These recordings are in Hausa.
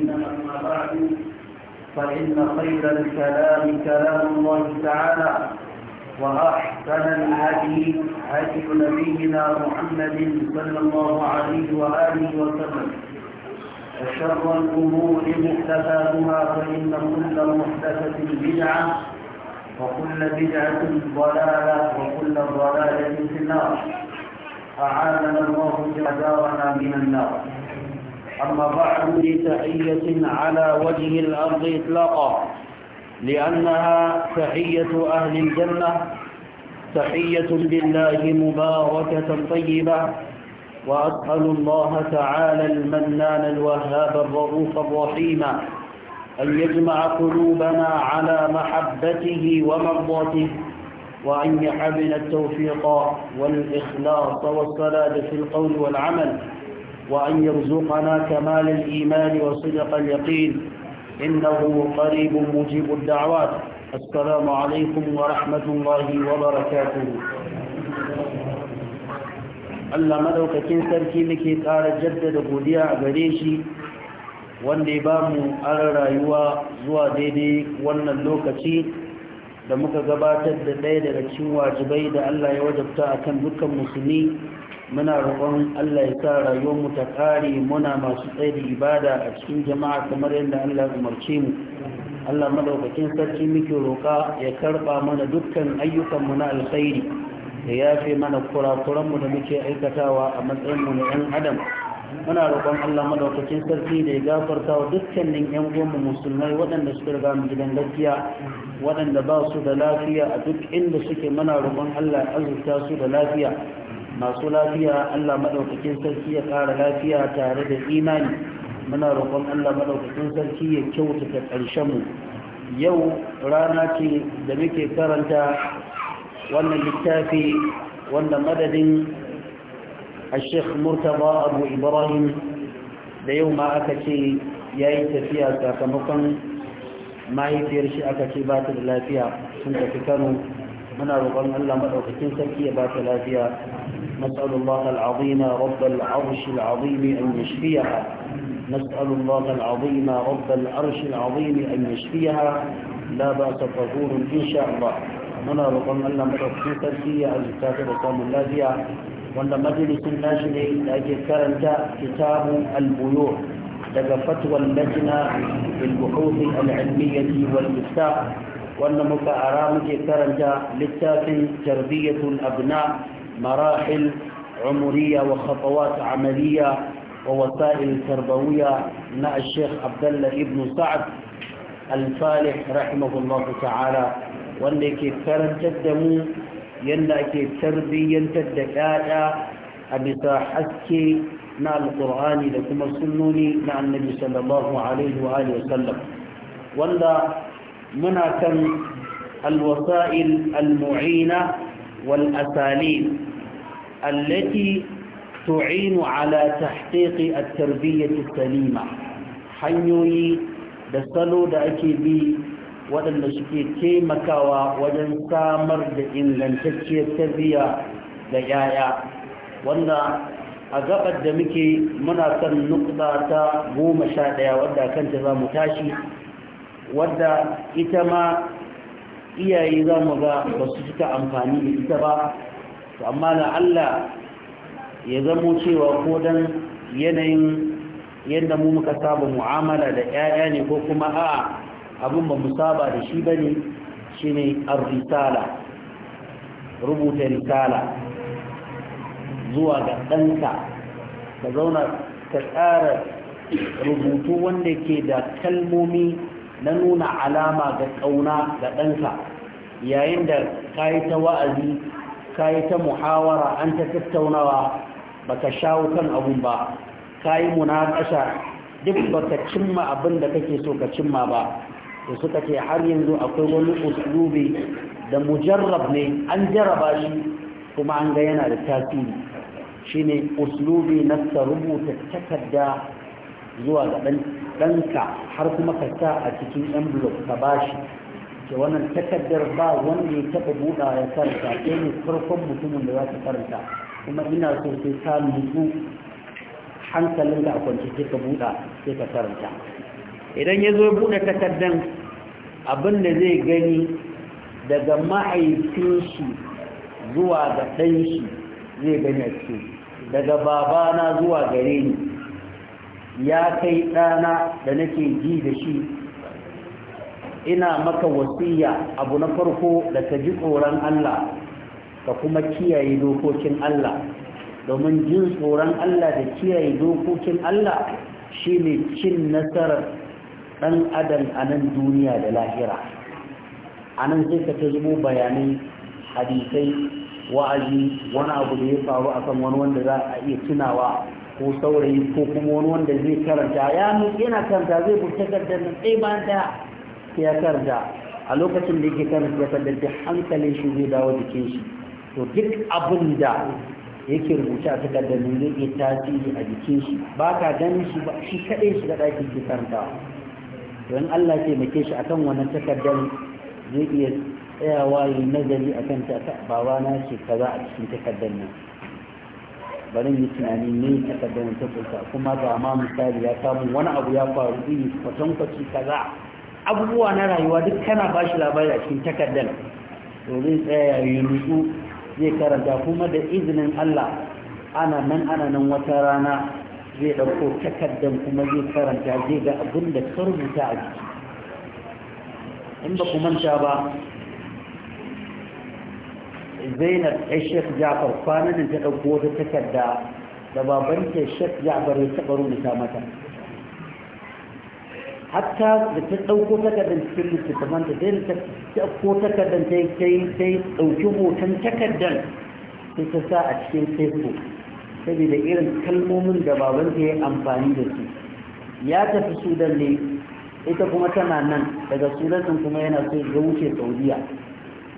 الدين أما بعد فإن خير الكلام كلام الله تعالى وأحسن الهدي هدي نبينا محمد صلى الله عليه وآله وسلم وشر الأمور محدثاتها فإن كل محدثة بدعة وكل بدعة ضلالة وكل ضلالة في النار أعاننا الله جدارنا من النار أما بعد لتحية على وجه الأرض إطلاقا لأنها تحية أهل الجنة تحية لله مباركة طيبة وأسأل الله تعالى المنان الوهاب الرؤوف الرحيم أن يجمع قلوبنا على محبته ومرضاته وأن يحبنا التوفيق والإخلاص والصلاة في القول والعمل وأن يرزقنا كمال الإيمان وصدق اليقين إنه قريب مجيب الدعوات السلام عليكم ورحمة الله وبركاته Allah madaukakin sarki muke ƙara jaddada godiya a gare shi wanda ya bamu ara rayuwa zuwa daidai wannan lokaci da muka gabatar da ɗaya daga cikin wajibai da Allah ya wajabta akan dukkan musulmi muna roƙon Allah ya sa rayuwar mu ta ƙare muna masu tsaye ibada a cikin jama'a kamar yadda Allah ya umarce mu Allah madaukakin sarki muke roƙa ya karɓa mana dukkan ayyukan mu na alkhairi ya yafe mana kurakuran mu da muke aikatawa a matsayin mu na ɗan adam muna roƙon Allah madaukakin sarki da ya gafarta wa dukkanin ƴan uwanmu musulmai waɗanda suka riga mu gidan gaskiya waɗanda ba su da lafiya a duk inda suke muna roƙon Allah ya azurta su da lafiya masu lafiya Allah maɗaukakin sarki ya ƙara lafiya tare da imani muna roƙon Allah maɗaukakin sarki ya kyautata ƙarshen mu yau rana ce da muke karanta wannan littafi wanda madadin الشيخ murtaba abu ibrahim da yau ma aka ce ya yi tafiya sakamakon mahaifiyar shi aka ce ba ta da lafiya sun tafi kano muna roƙon allah maɗaukakin sarki ya ba ta lafiya نسأل الله العظيم رب العرش العظيم أن يشفيها نسأل الله العظيم رب العرش العظيم أن يشفيها لا بأس فهور إن شاء الله هنا رقم أن لم تكفي تلسية الكتاب رقم اللازية وأن مجلس الناجل لأجي كان كتاب البيوع لدى فتوى اللجنة للبحوث العلمية والمفتاح وأن مكارامك كرنجا للتاكن تربية الأبناء مراحل عمرية وخطوات عملية ووسائل تربوية مع الشيخ عبد الله ابن سعد الفالح رحمه الله تعالى واللي كيف كان تدمو ينا كيف تربي ينت الدكاية أبي حسكي مع القرآن لكم السنوني مع النبي صلى الله عليه وآله وسلم ولا منا كان الوسائل المعينه والأساليب التي تعين على تحقيق التربية السليمة حنيوي دسلو دأكي بي ودن دشكي كي مكاوا ودن سامر دإن لن تشكي التربية دجايا وانا أقبت دمكي مناسا نقطة قوم شادية ودا كانت ذا متاشي wadda ita ma iyaye za mu ga ba su cika amfani da ita ba to amma na Allah ya zamo cewa ko dan yanayin yadda mu muka saba mu'amala da 'ya'ya ne ko kuma a abin ba mu saba da shi ba ne shi ne risala rubuta risala zuwa ga ɗanka ka zauna ka ƙara rubutu wanda ke da kalmomi na nuna alama ga ƙauna ga ɗansa yayin da ka yi ta wa'azi ka yi ta muhawara an ta tattaunawa ba ka shawo kan abun ba ka yi munakasha duk ba ka cimma abin da kake so ka cimma ba da suka ce har yanzu akwai wani uslubi da mujarrab ne an jarraba shi kuma an ga yana da tasiri shine uslubi na rubuta takarda zuwa ga ɗanka har kuma ka sa a cikin envelope ka bashi ke wannan takardar ba wanda ya taɓa buɗa ya karanta ke ne farkon mutumin da za ka karanta kuma ina so sai ka nutsu hankalin da a kwanci sai ka buɗa sai ka karanta idan ya zo buɗe takardar abin da zai gani daga ma'aikin shi zuwa ga ɗan shi zai gani a cikin daga babana zuwa gare ni ya kai ɗana da nake ji da shi ina maka wasiya abu na farko da ka ji tsoron Allah ka kuma kiyaye dokokin Allah domin jin tsoron Allah da kiyaye dokokin Allah shi ne cin nasarar ɗan adam a nan duniya da lahira a nan sai ka ta zubo bayanai hadisai wa'azi wani abu da ya faru akan wani wanda za a iya tunawa ko saurayi ko kuma wani wanda zai karanta ya nuke yana karanta zai buta takardar da sai bayan da ya karanta a lokacin da yake karanta ya karanta da hankalin shi zai dawo jikin shi to duk abin da yake rubuta a takardar da zai iya tasiri a jikin shi ba ka ganin shi ba shi kaɗai shi da ɗaki ke karanta don Allah ce shi akan wannan takardar zai iya tsayawa yi nazari akan ta ba na kaza a cikin takardar nan bari yi tunani ne a kaddamar tafiya kuma ba ma misali ya samu wani abu ya faru iri kwatankwaci kaza abubuwa na rayuwa duk kana ba shi labari a cikin takardar domin zai tsaya nutsu zai karanta kuma da izinin Allah ana nan ana nan wata rana zai ɗauko takardar kuma zai karanta zai ga abin da ka rubuta a jiki in ba ku manta ba zainab ya shek jafar kwanan ta ɗauko wata takarda da baban ke shek jafar ya taɓa rubuta mata hatta da ta ɗauko takardar cikin littattafan ta sai da ta ɗauko takardar ta yi ɗauki hoton takardar sai ta sa a cikin facebook saboda irin kalmomin da baban ta yi amfani da su ya tafi sudan ne ita kuma tana nan daga sudan kuma yana so ya wuce saudiya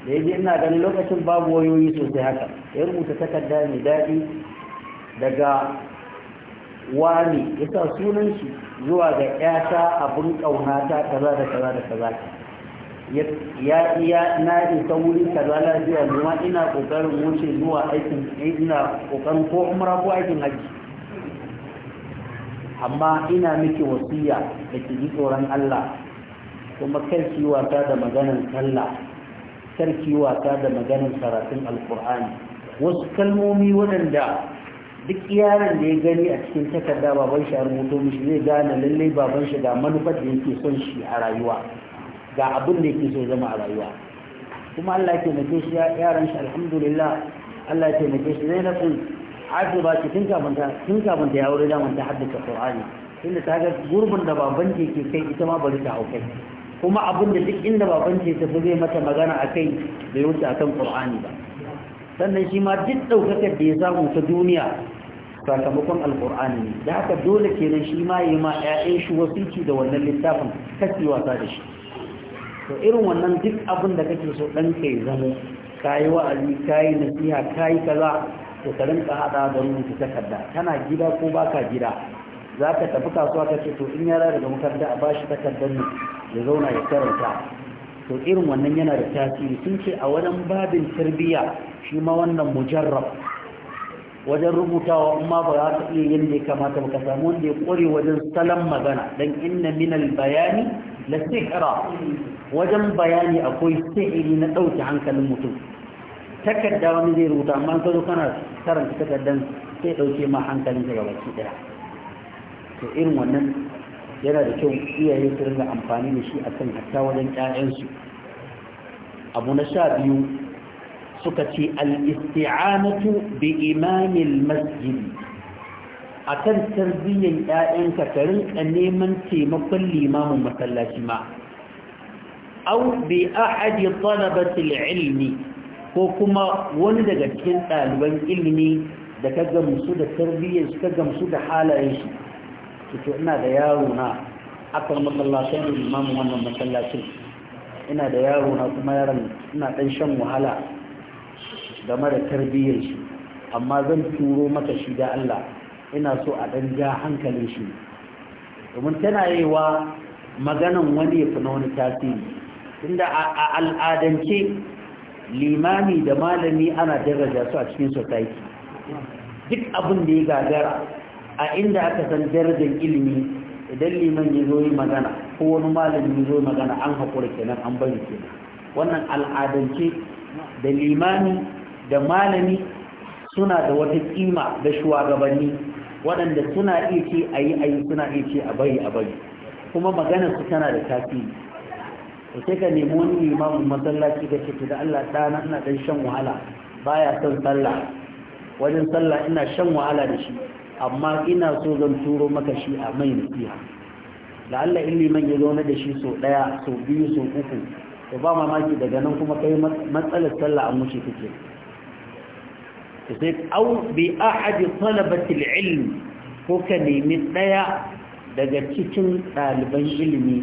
da ya ina ganin lokacin babu wayoyi sosai haka ya rubuta takarda mai daɗi daga wani ya sa sunan shi zuwa ga ƴata abin ta kaza da kaza da kaza ya iya na isa wuri kaza lafiya noma ina ƙoƙarin wuce zuwa aikin ina ƙoƙarin ko umra ko aikin haji amma ina miki wasiya da ki ji tsoron Allah kuma kai ki wasa da maganar allah. karki wasa da maganin karatun alkur'ani wasu kalmomi waɗanda duk yaran da ya gani a cikin takarda baban shi a rubuto mishi zai gane lallai baban shi ga manufar da yake son shi a rayuwa ga abin da yake so zama a rayuwa kuma Allah ya taimake shi yaran shi alhamdulillah Allah ya taimake shi zai nafin ba ki tun kafin ta ta ya aure da ta Qur'ani ga gurbin da baban ke kai ita ma bari ta kai. kuma abunda duk inda baban ce tafi zai mata magana a kai bai wuce a kan ƙur'ani ba sannan shi ma duk ɗaukakar da ya samu ta duniya sakamakon alƙur'ani ne da haka dole kenan shi ma yi ma 'ya'yan shi wasiki da wannan littafin kasi wasa da shi to irin wannan duk abin da kake so ka ya zama ka yi wa'azi ka yi nasiha ka yi kaza to ka rinka haɗa da rubuta takarda kana gida ko baka gida za ka tafi kasuwa ka ce to in yara daga makaranta a bashi takardar ne ya zauna ya karanta to irin wannan yana da tasiri sun ce a wajen babin tarbiyya shi ma wannan mujarrab wajen rubutawa amma ba za ka iya yin da ya kamata ba ka samu wanda ya kware wajen salon magana dan inna minal bayani la sihra wajen bayani akwai sihiri na ɗauke hankalin mutum takarda wani zai rubuta amma ka zo kana karanta takardan sai dauke ma hankalin ka gabaki daya to irin wannan yana da kyau iyaye su ringa amfani da shi a kan hatta wajen ƴaƴansu abu na sha biyu suka ce al-isti'anatu bi imamil masjid akan tarbiyyar ƴaƴanka ka rinka neman taimakon limamin masallaci ma aw bi ahadi talabati al-ilmi ko kuma wani daga cikin ɗaliban ilimi da ka gamsu da tarbiyyar ka gamsu da halayen shi to ina da yaro na akan masallacin da limamin wannan masallacin ina da yaro na kuma yaron ina ɗan shan wahala game da tarbiyyar shi amma zan turo maka shi da Allah ina so a ɗan ja hankalin shi domin tana yiwa maganan wani ya fi na wani tasiri inda a al'adance limami da malami ana daraja su a cikin society duk abin da ya gagara a inda aka san darajar ilimi idan liman ya zo yi magana ko wani malami ya zo magana an haƙura kenan an bari kenan wannan al'adance da limani da malami suna da wata kima da shugabanni waɗanda suna iya ce a yi a suna iya ce a bari a bari kuma maganar su tana da tasiri da sai ka nemi wani limamin masallaci da ke da Allah ɗana ina ɗan shan wahala baya son sallah wajen sallah ina shan wahala da shi amma ina so zan turo maka shi a mai nasiha la'alla in liman ya zaune da shi so ɗaya so biyu so uku to ba mamaki daga nan kuma kai matsalar sallah an mushe kake to sai au bi ahadi talabati al-ilm ko ka nemi ɗaya daga cikin ɗaliban ilimi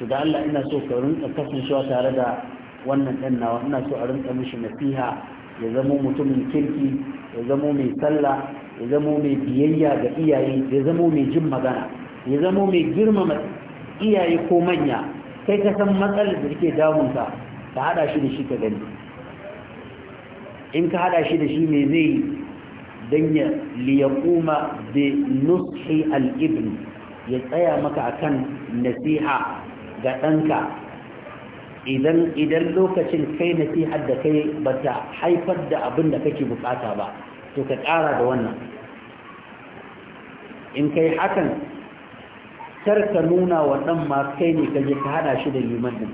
to da Allah ina so ka rinka kasancewa tare da wannan ɗan nawa ina so a rinka mishi nasiha ya zama mutumin kirki ya zama mai sallah ya zamo mai biyayya ga iyaye ya zamo mai jin magana ya zama mai girmama iyaye ko manya kai ka san matsalar da take damunka ka hada shi da shi ka gani in ka hada shi da shi me zai dan ya liyaquma bi nushi al-ibn ya tsaya maka akan nasiha ga ɗanka idan idan lokacin kai na fi hadda kai ba ta haifar da abin da kake bukata ba to ka ƙara da wannan in kai hakan kar ka nuna wa ɗan ma kai ne ka je ka hada shi da liman ɗin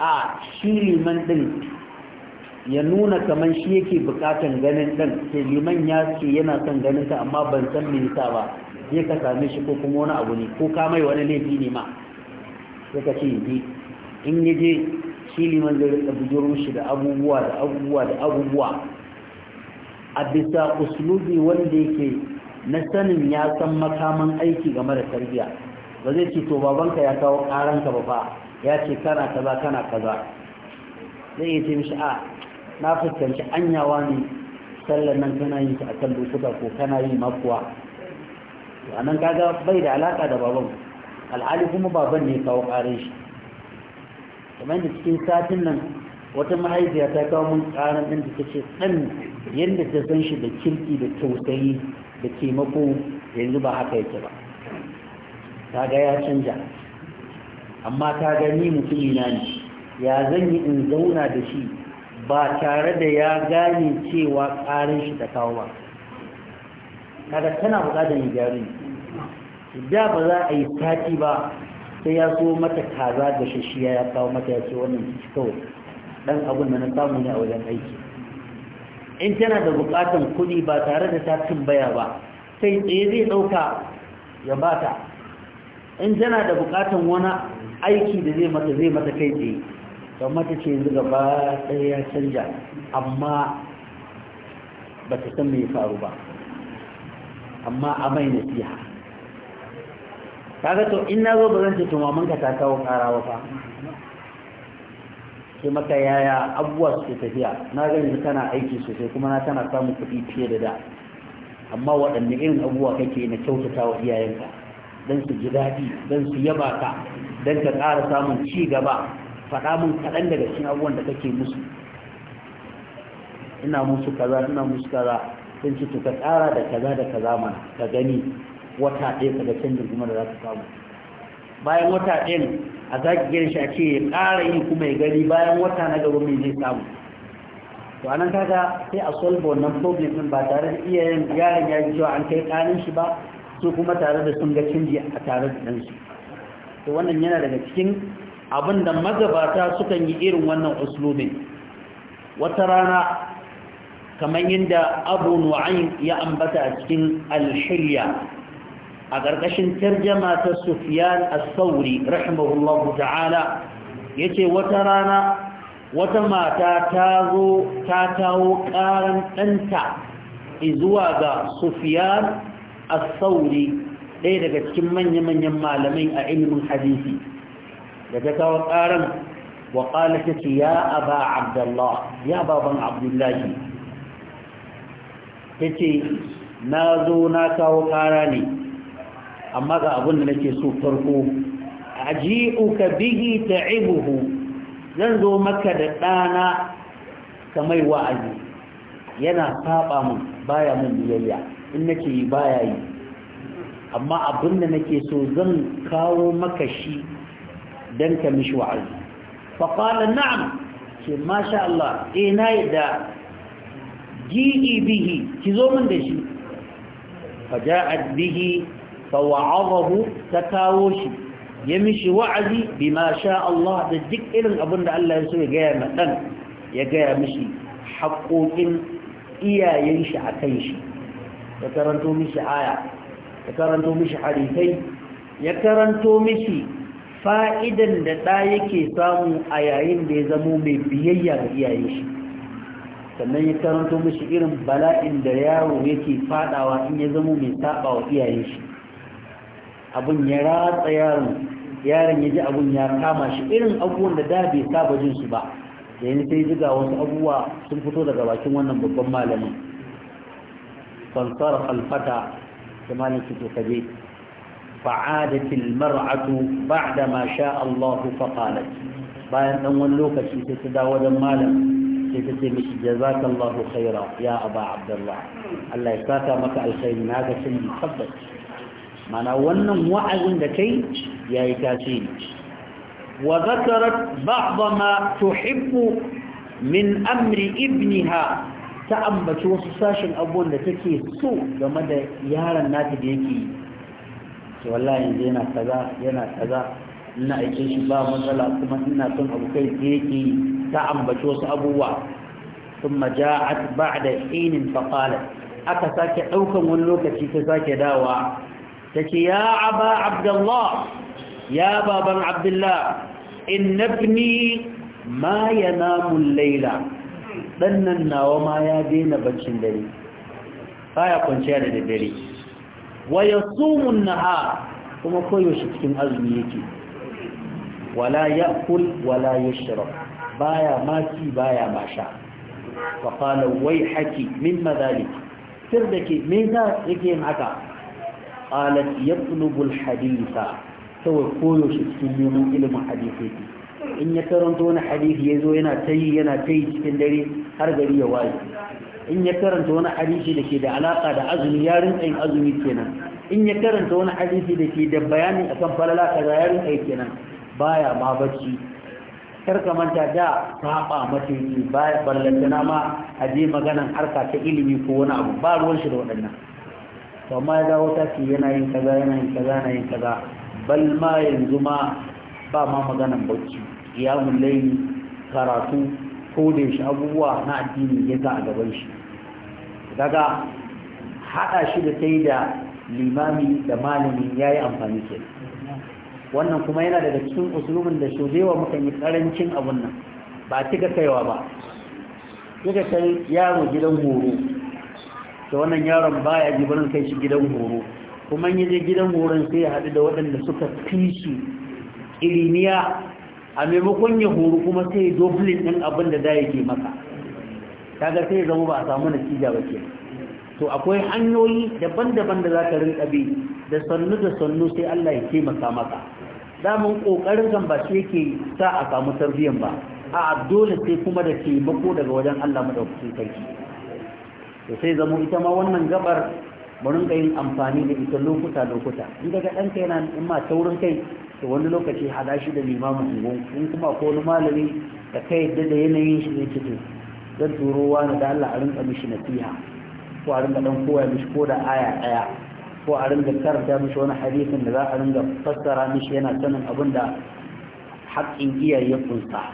a shi liman ɗin ya nuna kamar shi yake bukatan ganin ɗan sai liman ya ce yana son ganin ta amma ban san me yasa ba je ka same shi ko kuma wani abu ne ko ka mai wani laifi ne ma sai ka ce in ya je shi liman zai rika bujiro shi da abubuwa da abubuwa da abubuwa a bisa uslubi wanda yake na sanin ya san makaman aiki game da tarbiyya ba zai ce to babanka ya kawo karanka ba ba ya ce kana kaza kana kaza zai iya ce mishi a na fuskanci anyawa ne sallar nan kana yin ta akan lokuta ko kana yi makuwa to kaga bai da alaka da baban alhali kuma baban ne kawo karin shi kamar da cikin satin nan wata mahaifiya ta kawo mun ƙaran ɗin da ta ce ɗan yadda ta san shi da kirki da tausayi da taimako yanzu ba haka yake ba ta ga ya canja amma ta gani ina ne ya zan yi in zauna da shi ba tare da ya gane cewa ƙarin shi ta kawo ba kaga tana buƙatar yin gyaru da ba za a yi sati ba sai ya so mata kaza da shashiya ya kawo mata ya ce wannan ci kawai dan abun da na samu ne a wajen aiki in tana da bukatan kudi ba tare da ta tambaya ba sai tsaye zai dauka ya bata in tana da bukatan wani aiki da zai mata zai mata kai tsaye don mata ce yanzu gaba ɗaya ya canja amma ba ta san mai faru ba amma a mai nasiha kaga to in na zo ba zan ce to ta kawo kara ba fa sai maka yaya su suke tafiya na ga su tana aiki sosai kuma na tana samun kuɗi fiye da da amma waɗanne irin abubuwa kake na kyautata wa iyayenka don su ji daɗi don su yaba ka don ka ƙara samun ci gaba faɗa mun kaɗan daga cikin abubuwan da kake musu ina musu kaza ina musu kaza sun ci ka ƙara da kaza da kaza mana ka gani wata ɗaya ka ga canjin kuma da za ka samu bayan wata ɗin a za ki shi a ce ya ƙara yi kuma ya gani bayan wata na gaba mai zai samu to a kaga sai a solve wannan problem ɗin ba tare da iyayen yaron ya ji cewa an kai ƙanin shi ba su kuma tare da sun ga canji a tare da su to wannan yana daga cikin abin da magabata sukan yi irin wannan uslubin wata rana kamar yadda abu nu'ayn ya ambata a cikin alhiliya a ƙarƙashin tarjama ta sufiyan as-Sauri rahimahullahu ta'ala yace wata rana wata mata ta zo ta kawo ƙaran ɗanta zuwa ga sufiyan as-Sauri ɗaya daga cikin manya-manyan malamai a ilimin hadisi da ta kawo ƙaran wa qala tace ya aba abdullah ya baban abdullahi ce na zo na kawo ƙara ne amma ga abin da nake so farko aji'uka bihi ta'ibuhu zan zo maka da ɗana ka mai wa'azi yana saba mun baya mun biyayya in nake yi baya yi amma abin da nake so zan kawo maka shi dan ka mishi wa'azi fa qala na'am ce masha Allah eh na yadda ji'i bihi ki zo min da shi fa ja'at bihi fawa'adahu ta kawo shi ya mishi wa'azi bima sha Allah da duk irin abin da Allah ya so ya gaya ma dan ya gaya mishi haƙoƙin iyayen shi a kan shi ya karanto mishi aya ya karanto mishi hadisai ya karanto mishi fa'idan da ɗa yake samu a yayin da ya zamo mai biyayya ga iyayen shi sannan ya karanto mishi irin bala'in da yaro yake fadawa in ya zamo mai saba wa iyayen shi abun ya ratsa yaron yaron ya ji abun ya kama shi irin abubuwan da da bai saba jin su ba da yanzu sai ji wasu abubuwa sun fito daga bakin wannan babban malamin fansar alfata da malin su kaje فعادت المرأة بعدما شاء الله فقالت bayan dan wani lokaci sai ta dawo da malam sai ta ce mishi jazakallahu khaira ya aba abdullah Allah ya saka maka alkhairi na ga shin tabbas mana wannan wa'azin da kai yayi tasiri wa zakarat ba'd ma tuhibbu min amri ibniha ta ambaci wasu sashin abubuwan da take so game da yaron nata da yake yi ce wallahi yanzu yana kaza yana kaza ina aike shi ba matsala kuma ina son abu kai da yake yi ta ambaci wasu abubuwa ثم جاءت بعد حين فقالت aka sake ɗaukan wani lokaci ta sake dawa take ya aba abdullah ya baban abdullah innabni ma yanamu layla dannan nawa ma ya daina baccin dare baya kwanciya da dare wa yasumun naha kuma koyaushe shi cikin azumi yake wala yaqul wala yashrab baya ma ci baya ma sha fa qala wayhaki mimma dhalik sirdake me za yake yin haka قالت يطلب الحديث kawai koyaushe cikin neman ilimin hadisi in ya karanta wani hadisi ya zo yana tayi yana tayi cikin dare har gari ya waye in ya karanta wani hadisi da da alaka da azumi yarin rinka azumi kenan in ya karanta wani hadisi dake da bayani akan falala kaza yarin rinka kenan baya ma bacci karka manta da saba mata yi baya ballantana ma a maganan harka ta ilimi ko wani abu ba ruwan shi da waɗannan to amma ya dawo tashi yana yin kaza yana yin kaza yana yin kaza bal ma yanzu ma ba ma maganan bacci mun layli karatu ko da shi abubuwa na addini ya za a gaban shi daga hada shi da sai da limami da malami yayi amfani ke wannan kuma yana daga cikin usulumin da shodewa mukan yi karancin abun nan ba cika kaiwa ba kika kai yaro gidan horo da wannan yaron baya ji barin kai shi gidan horo kuma ya je gidan horon sai ya haɗu da waɗanda suka fi su ilimiya a maimakon ya horo kuma sai ya doblin ɗin abin da da yake maka kaga sai ya zama ba a samu natija ba ke to akwai hanyoyi daban-daban da za ka rinka bi da sannu da sannu sai Allah ya taimaka maka damun kokarin kan ba shi yake sa a samu tarbiyyan ba a dole sai kuma da taimako daga wajen Allah madaukakin sarki to sai zamo ita ma wannan gabar barin ka yin amfani da ita lokuta lokuta in daga ɗanka yana in ma taurin kai to wani lokaci hada shi da limamin ungon in kuma ko wani malami da kai yadda da yanayin shi zai kike zan turowa na da Allah a rinka mishi nasiha ko a rinka dan koya mishi ko da aya ɗaya ko a rinka karanta mishi wani hadisin da za a rinka fassara mishi yana sanin abin da haƙƙin iyaye kunsa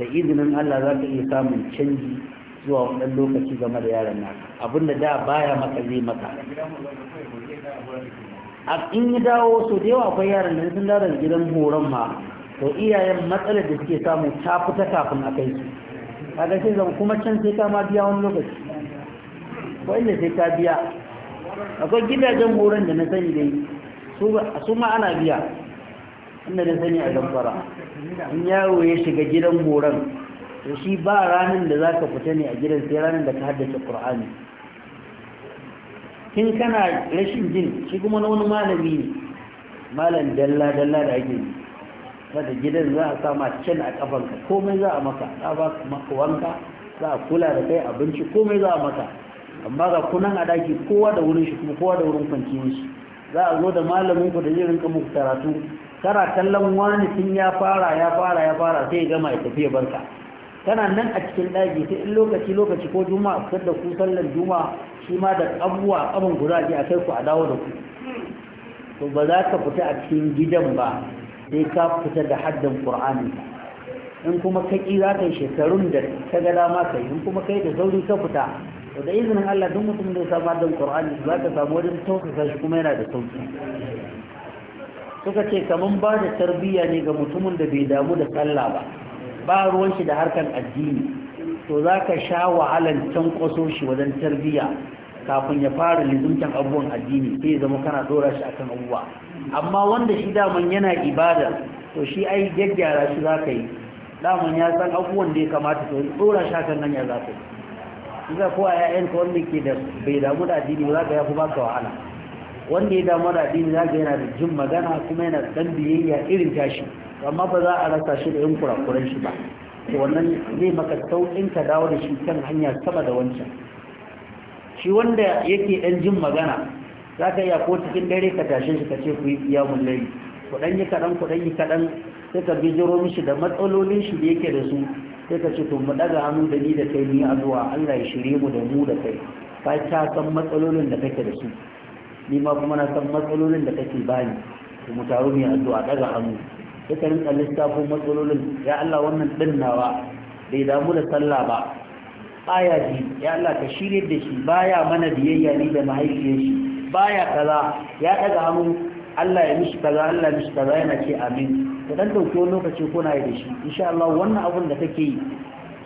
da izinin Allah za ka iya samun canji zuwa wannan lokaci game da yaron na, abinda da baya maka zai maka a in yi dawo so da yawa akwai yaran da sun dawo gidan horon ma to iyayen matsalar da suke samu ta fita kafin a kai su kaga sai zama kuma can sai ka ma biya wani lokaci ko inda sai ka biya akwai gidajen horon da na sani dai su ma ana biya inda da sani a zamfara in yaro ya shiga gidan horon to shi ba ranar da za ka fita ne a gidan sai ranar da ka haddace qur'ani tun kana rashin jin shi kuma na wani malami ne malam dalla dalla da ake yi kada gidan za a sama can a kafanka komai za a maka za ba maka wanka za a kula da kai abinci komai za a maka amma ga kunan a daki kowa da wurin shi kuma kowa da wurin kwanciyar shi za a zo da malamin ku da jirin rinka muku karatu kana kallon wani tun ya fara ya fara ya fara sai ya gama ya tafi ya barka Kana nan a cikin daji ta in lokaci lokaci ko juma'a a fitar da ku sallar juma'a shi ma da abubuwa abin guda a kai ku a dawo da ku to ba za ka fita a cikin gidan ba sai ka fita da haddin qur'ani in kuma ka ƙi za ka yi shekarun da ka ga dama ka yi in kuma kai da sauri ka fita to da izinin Allah duk mutum da ya samu haddin qur'ani za ka samu wajen tausasa shi kuma yana da sauki suka ce kaman ba da tarbiyya ne ga mutumin da bai damu da sallah ba ba ruwan shi da harkan addini to za ka sha wahalan can shi wajen tarbiyya kafin ya fara lizumtan abubuwan addini sai zama kana dora shi akan abubuwa amma wanda shi daman yana ibada to shi ai gyaggyara shi za ka yi daman ya san abubuwan da ya kamata to dora shi akan hanya za ka yi za ko a ƴaƴanka wanda ke da bai damu da addini ba za ka yafi baka wahala wanda ya damu da addini za ka yana da jin magana kuma yana dan biyayya irin tashi amma ba za a rasa shi da yin kurakuran shi ba wannan zai maka sauƙin ka dawo da shi kan hanya sama da wancan shi wanda yake ɗan jin magana za ka iya ko cikin dare ka tashe shi ka ce ku yi kiyamun layi kuɗan yi kaɗan kuɗan yi kaɗan sai ka bijiro mishi da matsalolin shi da yake da su sai ka ce to mu ɗaga hannu da ni da kai ni a zuwa Allah ya shirye mu da mu da kai ka ta san matsalolin da kake da su ni ma kuma na san matsalolin da kake bani mu taru mu a zuwa ɗaga hannu suka rinka lissafin matsalolin ya Allah wannan dinnawa bai damu da sallah ba baya ji ya Allah ka shirye da shi baya mana biyayya ni da mahaifiyar shi baya kaza ya daga hannu Allah ya mishi kaza Allah ya mishi kaza yana ce amin ka dan dauki wani lokaci kuna yi da shi insha Allah wannan abun da kake yi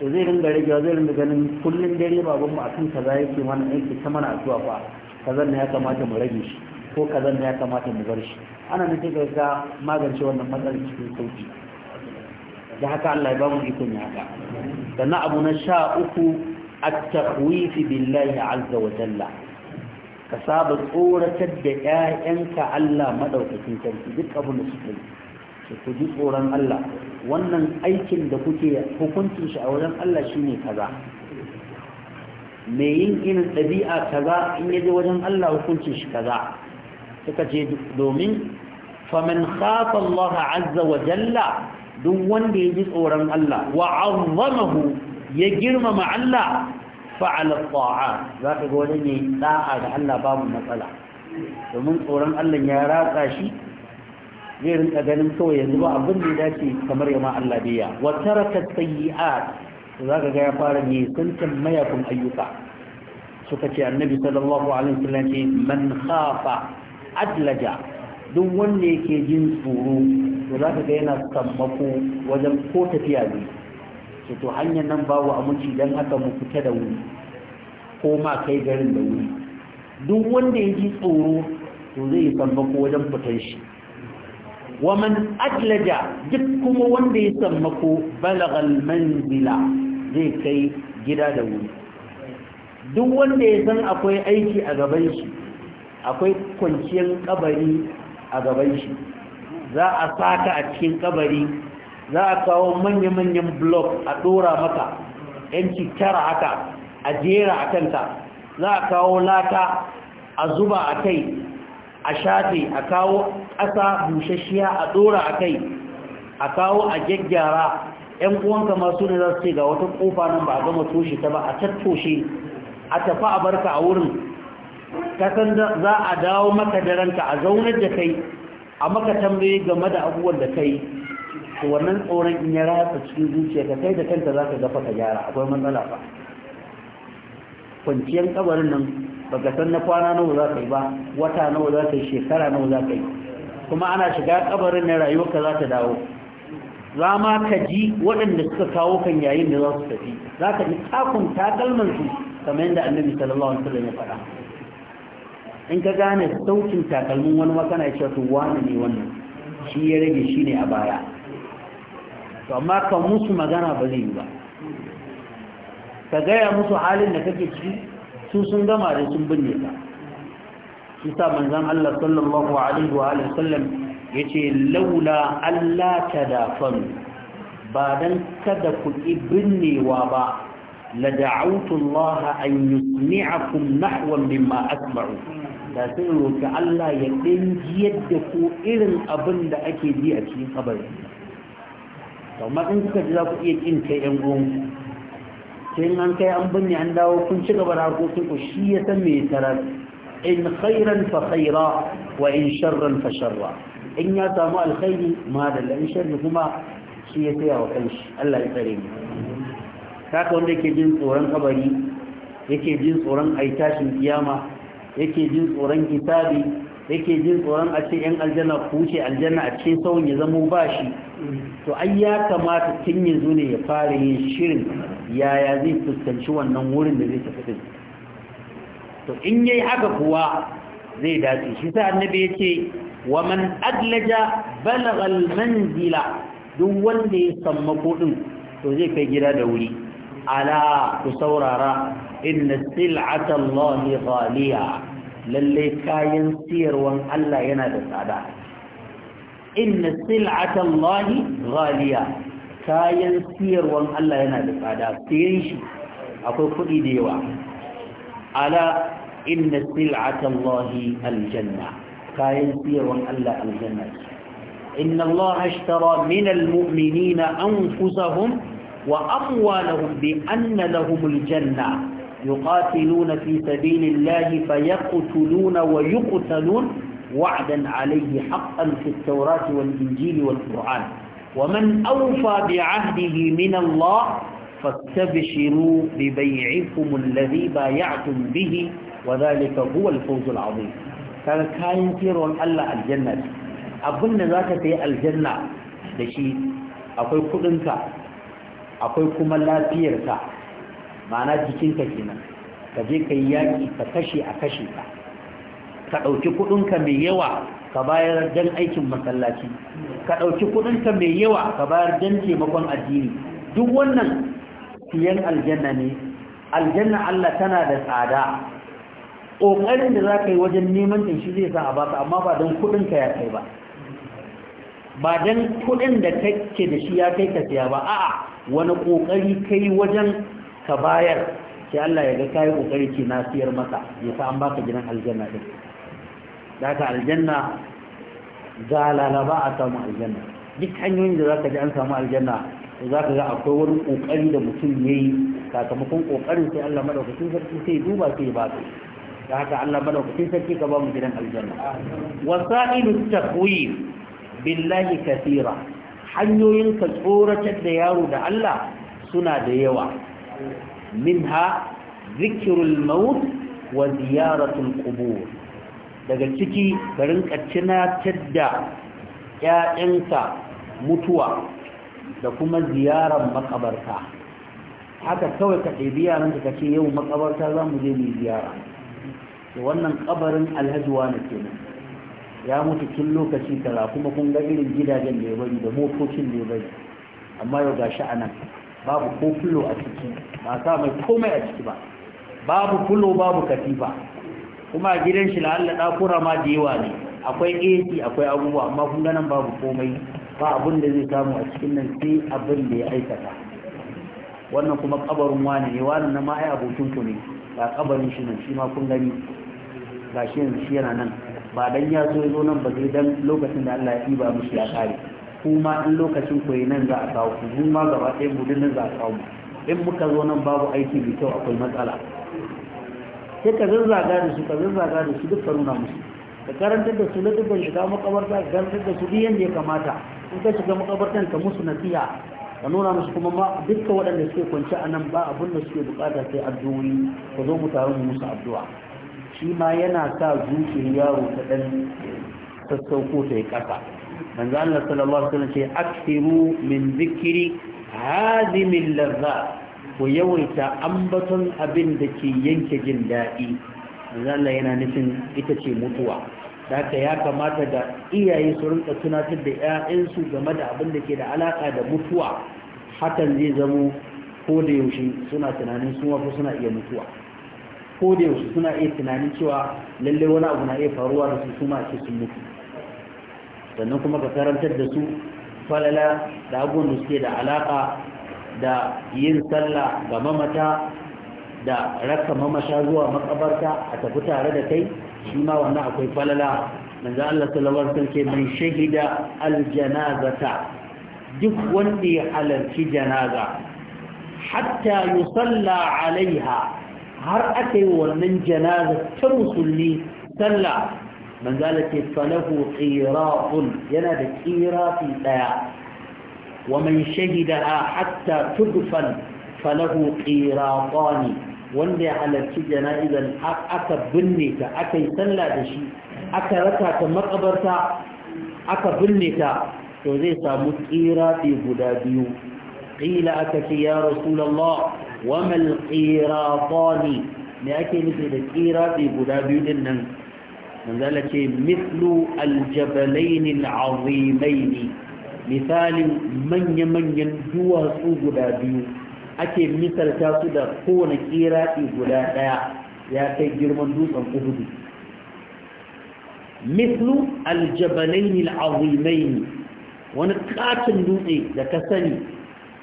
to zai ringa rage zai ringa ganin kullun dare baban mu akan kaza yake mana aiki ta mana addu'a fa kazan ne ya kamata mu rage shi ko kazan ne ya kamata mu bar shi ana nake gaga magance wannan matsalar cikin sauki da haka Allah ya ba mu ikon ya haka sannan abu na sha uku at wifi billahi azza wa jalla ka saba tsoratar da ƴaƴanka Allah madaukakin sarki duk abin da suke yi ku ji tsoron Allah wannan aikin da kuke hukuncin shi a wajen Allah shine kaza mai yin irin ɗabi'a kaza in yaje wajen Allah hukuncin shi kaza suka ce domin faman khafa Allah azza wa jalla duk wanda ya ji tsoron Allah wa azzamahu ya girmama Allah fa'ala ta'a za ka ga wani ne da'a da Allah babu matsala domin tsoron Allah ya ratsa shi zai rinka ganin kawai yanzu ba abin da ya dace kamar yama Allah biya wa taraka sayyi'at za ka ga ya fara ne kuncin mayafin ayyuka suka ce annabi sallallahu alaihi wasallam ce man khafa adlaja duk wanda yake jin tsoro to za ka ga yana sammako wajen ko tafiya ne to, to hanyar nan babu aminci don haka mu fita da wuri ko ma kai garin da wuri duk wanda ya ji tsoro to zai yi sammako wajen fitan shi wa adlaja duk kuma wanda ya sammako balagal manzila zai kai gida da wuri duk wanda ya san akwai aiki a gaban shi akwai kwanciyar kabari a gaban shi za a saka a cikin kabari za a kawo manya-manyan blok a dora maka yanci tara haka a jera a kanta za a kawo lata a zuba a kai a shafe a kawo ƙasa bushashiya a dora a kai a kawo a gyaggyara ‘yan uwanka masu ne za su ce ga wata kofa nan ba a gama toshe ta ba a tattoshe a tafi a barka a wurin san za a dawo maka da ranka a zaunar da kai a maka tambaye game da abubuwan da kai to wannan tsoron in ya ratsa cikin zuciya ka kai da kanta za ka gafa ka gyara akwai matsala ba kwanciyar kabarin nan baka san na kwana nawa za ka yi ba wata nawa za ka yi shekara nawa za ka yi kuma ana shiga kabarin na ka za ta dawo za ma ka ji waɗanda suka kawo kan yayin da za su tafi za ka ji takun takalmansu kamar yadda annabi sallallahu alaihi wasallam ya faɗa in ka gane saukin takalmin wani makana cewa to wani ne wannan shi ya rage shi ne a baya to amma kan musu magana ba zai yi ba ka gaya musu halin da kake ciki su sun gama da sun binne ka shi sa manzon Allah sallallahu alaihi wa alihi sallam yace laula alla tadafan ba dan kada ku binnewa ba la da'awtu Allah an yusmi'akum nahwan mimma asma'u da sai roƙi Allah ya ɗinji yadda ku irin abin da ake ji a cikin kabari amma in kuka ji za ku iya ƙin kai ƴan uwan sai an kai an binne an dawo kun ci gaba da harkokin ku shi ya san me tarar in khairan fa khaira wa in sharran fa sharra in ya samu alkhairi ma da in sharri kuma shi ya tsaya wa kanshi Allah ya tsare mu haka wanda yake jin tsoron kabari yake jin tsoron aita tashin kiyama yake jin tsoron hisabi yake jin tsoron a ce yan aljanna ku aljanna a cikin sauyin ya zamo ba shi to ai ya kamata tun yanzu ne ya fara yin shirin yaya zai fuskanci wannan wurin da zai tafi din to in yayi haka kuwa zai dace shi sa annabi ya ce wa man adlaja balagha manzila duk wanda ya sammako din to zai kai gida da wuri ala ku saurara inna sil'ata Allahi ghaliya lalle kayan siyarwan Allah yana da tsada inna sil'ata Allahi ghaliya kayan siyarwan Allah yana da tsada siyan shi akwai kuɗi da yawa ala inna sil'ata Allahi aljanna kayan siyarwan Allah aljanna inna Allah ashtara min almu'minina anfusahum wa amwalahum bi anna lahum aljanna يقاتلون في سبيل الله فيقتلون ويقتلون وعدا عليه حقا في التوراة والإنجيل والقرآن ومن أوفى بعهده من الله فاستبشروا ببيعكم الذي بايعتم به وذلك هو الفوز العظيم كان كاين سيرون الله الجنة أظن ذاك في الجنة da shi akwai kudinka akwai kuma lafiyarka ma'ana jikinka kenan ka je ka yi yaƙi ka kashe a kashe ka ka ɗauki kuɗinka mai yawa ka bayar don aikin masallaci ka ɗauki kuɗinka mai yawa ka bayar dan taimakon addini duk wannan siyan aljanna ne aljanna Allah tana da tsada ƙoƙarin da za ka yi wajen neman ɗin shi zai sa a baka amma ba don kuɗinka ya kai ba ba don kuɗin da kake da shi ya kai ka siya ba a'a wani ƙoƙari kai wajen ka bayar sai Allah ya ga kai kokari ki na siyar maka ya sa an baka gidan aljanna din da ka aljanna ga lalaba a samu aljanna duk hanyoyin da zaka ji an samu aljanna to zaka ga akwai wani kokari da mutum yayi sakamakon kokarin sai Allah madaukakin sarki sai duba sai ba ka da haka Allah madaukakin sarki ka ba mu gidan aljanna wasailu taqwir billahi kathira hanyoyin ka tsoratar da yaro da Allah suna da yawa minha zikirul maut wa ziyaratul qubur daga ciki ka rinka tunatar da ƴaƴanka mutuwa da kuma ziyarar makabarta haka kawai ka ɗebi yaran ka ce yau makabarta za mu je mu ziyara to wannan kabarin alhaji wani kenan ya mutu tun lokaci kaza kuma kun ga irin gidajen da ya bari da motocin da ya bari amma yau gashi a nan babu ko fulo a ciki ba sa mai komai a ciki ba babu fulo babu katifa kuma a gidan shi la'alla dakura ma da yawa ne akwai ac akwai abubuwa amma kun ganin babu komai ba abin da zai samu a cikin nan sai abin da ya aikata wannan kuma kabarin wani ne wani na ma'ai abokin ku ne ga kabarin shi nan shi ma kun gani ga shi yana nan ba dan ya zo ya zo nan ba zai dan lokacin da Allah ya ɗiba mishi ya kare kuma in lokacin koyi nan za a kawo ku ma gaba ɗaya mu nan za a kawo in muka zo nan babu aiki mai kyau akwai matsala sai ka zazzaga da su ka zazzaga da su duka nuna musu ka karantar da su na dukkan shiga makabarta ka karantar da su biyan da ya kamata in ka shiga makabartan ka musu nasiha ka nuna musu kuma ma duka waɗanda suke kwance a nan ba abin da suke bukata sai addu'o'i ka zo mu taru mu musu addu'a shi ma yana sa zuciyar yaro ta ɗan sassauko ta yi ƙasa manzo Allah sallallahu alaihi wasallam ce aksiru min zikri hazimil ladha ku yawaita ambaton abin da ke yanke jin daɗi manzo Allah yana nufin ita ce mutuwa haka ya kamata da iyaye su rinka tunatar da ƴaƴansu game da abin da ke da alaka da mutuwa hakan zai zamo ko da yaushe suna tunanin sun wafi suna iya mutuwa ko da yaushe suna iya tunanin cewa lalle wani abu na iya faruwa da su kuma ake sun mutu sannan kuma ka karantar da su falala da abubuwan da suke da alaƙa da yin sallah ga mamata da raka mamasha zuwa makabarta a tafi tare da kai shi ma wannan akwai falala manzo Allah sallallahu alaihi wasallam mai shahida aljanazata duk wanda ya halarci janaza hatta yusalla alaiha har aka yi wannan janaza ta musulmi sallah manzala ce falahu qiratun yana da qirati daya waman shahida shahidaha hatta tudfan falahu qiratani wanda ya halarci jana'izan aka binne ta aka yi sallah da shi aka raka ta makabarta aka binne ta to zai samu qirati guda biyu qila aka ce ya rasulullah wa mal qiratani me ake nufi da qirati guda biyu din nan manzala ce mislu aljabalaini al'azimaini misalin manya-manyan duwatsu guda biyu ake misalta su da kowane kiraɗi guda ɗaya ya kai girman dutsen uhudu mislu aljabalaini al'azimaini wani katin dutse da ka sani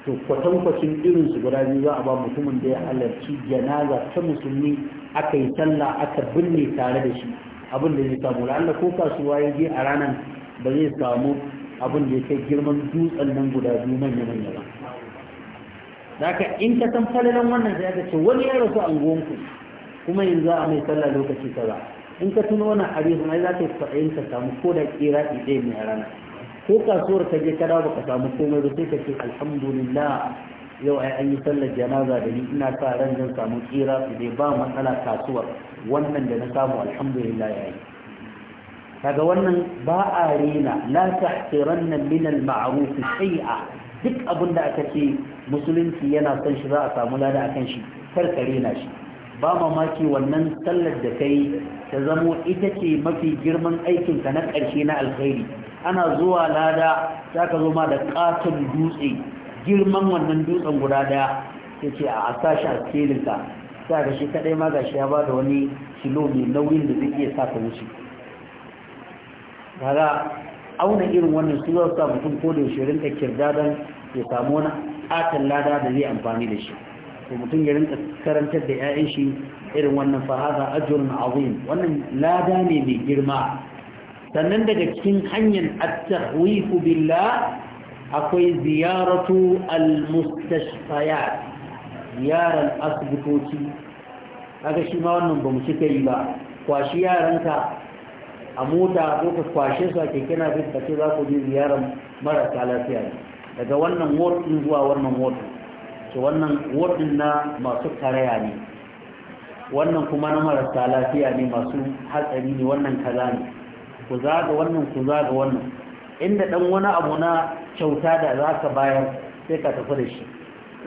to kwatankwacin irinsu guda biyu za a ba mutumin da ya halarci janaza ta musulmi aka yi sallah aka binne tare da shi abin da zai samu la'alla ko kasuwa ya je a ranar ba zai samu abin da ya kai girman dutsen nan guda biyu manya manya ba zaka in ka san falalan wannan sai ka ce wani ya rasu anguwanku kuma yanzu a mai sallah lokaci kaza in ka tuno wannan hadisin ai za ka fa'in ka samu ko da kira ɗaya ne a rana ko kasuwar ka je ka dawo baka samu komai ba sai ka ce alhamdulillah yau ai an yi sallar janaza da ni ina sa ran zan samu tsira su dai ba matsala kasuwa wannan da na samu alhamdulillah yayi kaga wannan ba a rena la tahqiranna min al-ma'ruf shay'a duk abin da aka ce musulunci yana son shi za a samu lada akan shi kar ka rena shi ba mamaki wannan sallar da kai ta zamo ita ce mafi girman aikinka na ƙarshe na alkhairi ana zuwa lada za ka zo ma da ƙaton dutse girman wannan dutsen guda daya ya ce a shi a kelinka sa ga shi kadai ma shi ya ba da wani kilo mai nauyin da zai iya sa ka wuce daga auna irin wannan su za sa mutum ko da yaushe rinka kirdadan ya samu wani katon lada da zai amfani da shi Ko mutum ya rinka karantar da 'ya'yan shi irin wannan fahaza ajrun azim wannan lada ne mai girma sannan daga cikin hanyar at-tahwifu billah akwai ziyaratu al-mustashfayat ziyaran asibitoci Aka shi ma wannan mu cika yi ba kwashi yaranka a mota ko ka kwashe su a keke na fit ce za ku je ziyaran marasa lafiya daga wannan ward din zuwa wannan ward to wannan ward din na masu karaya ne wannan kuma na marasa lafiya ne masu hatsari ne wannan kaza ne ku zaga wannan ku zaga wannan inda ɗan wani abu na kyauta da za ka bayar sai ka tafi da shi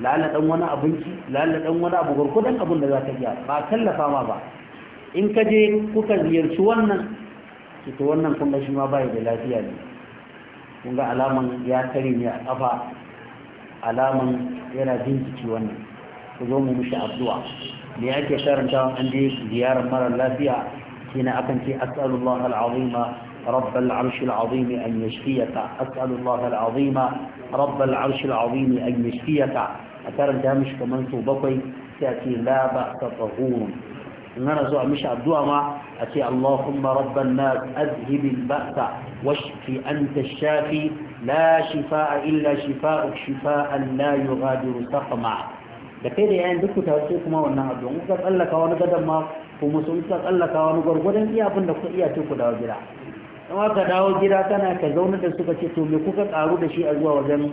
la'alla ɗan wani abinci la'alla ɗan wani abu gurgudan abin da za ka iya ba tallafa ma ba in ka je kuka ziyarci wannan ita wannan kun ga shi ma bai da lafiya ne kun ga alaman ya kare ne a kafa alaman yana jin jiki wannan ku zo mu mishi addu'a me yake karanta an je ziyarar mara lafiya shine akan ce as'alullah al'azima رب العرش العظيم أن يشفيك أسأل الله العظيم رب العرش العظيم أن يشفيك أترى مش كمان صوبكي تأتي لا بأس طهور إن أنا زوع مش الدعاء ما أتي اللهم رب الناس أذهب البأس واشف أنت الشافي لا شفاء إلا شفاءك شفاء لا يغادر سقما لكن يعني da yayin duk ta قال لك وانا addu'a in ka tsallaka wani gadan ma kuma sun tsallaka wani gurgurdan kuma ka dawo gida kana ka zauna da suka ce to me kuka karu da shi a zuwa wajen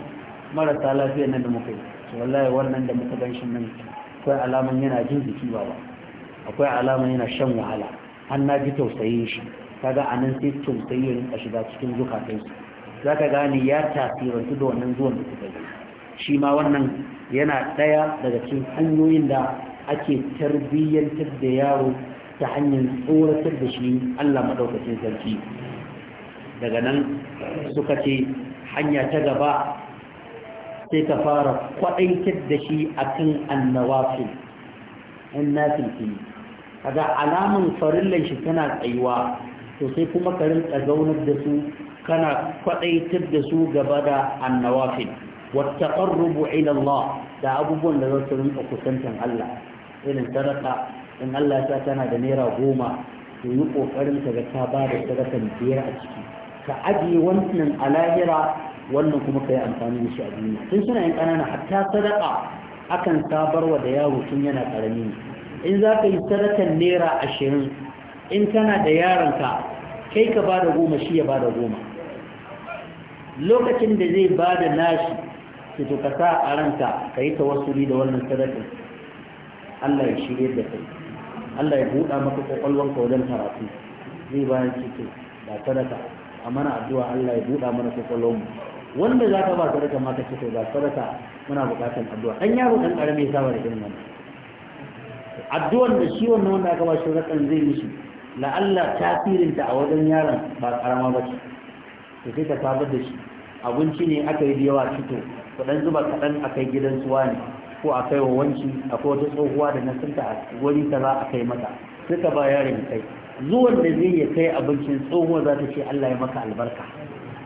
marasa lafiya nan da muka yi wallahi wannan da muka gan shi nan akwai alaman yana jin jiki ba ba akwai alaman yana shan wahala an na ji tausayin shi kaga anan sai tausayi a a shiga cikin zukatansu za ka gane ya tasirantu da wannan zuwan da kuka yi shi ma wannan yana ɗaya daga cikin hanyoyin da ake tarbiyyantar da yaro ta hanyar tsoratar da shi Allah maɗaukacin sarki daga nan suka ce hanya ta gaba sai ka fara kwaɗaitar da shi akan annawafin in na filfili kaga alamun farillan shi tana tsayuwa to sai kuma ka rinka zaunar da su kana kwaɗaitar da su gaba da annawafin wata ƙarrubu ila da abubuwan da za su rinka kusantan Allah irin sadaka in Allah ta tana da naira goma to yi ƙoƙarin ka ga ta ba da sadakan biyar a ciki ka ajiye wannan a lahira wannan kuma ka yi amfani da shi a duniya tun suna yin ƙanana hatta sadaka akan sabarwa da yaro tun yana ƙarami in za ka yi sadakan naira ashirin in kana da yaronka kai ka ba da goma shi ya ba da goma lokacin da zai ba da nashi su to ka sa a ranka ka yi tawassuli da wannan sadakan Allah ya shirye da kai Allah ya buɗa maka ka wajen karatu zai bayan cikin ba sadaka a mana addu'a Allah ya buɗa mana kwakwalwar mu wanda za ka ba sadaka mata ka ce ba ga sadaka muna buƙatar addu'a dan yaro dan karami ya saba da irin wannan addu'ar da shi wannan wanda aka ba shi rakan zai mishi la'alla tasirinta a wajen yaron ba karama ba ce to sai ka sabar da shi abinci ne aka yi da yawa fito kaɗan zuba kaɗan a kai gidan suwa ne ko a kai wa wanci akwai wata tsohuwa da na sunta a ta kaza a kai mata suka ba yaron kai zuwan da zai ya kai abincin tsohuwar za ta ce Allah ya maka albarka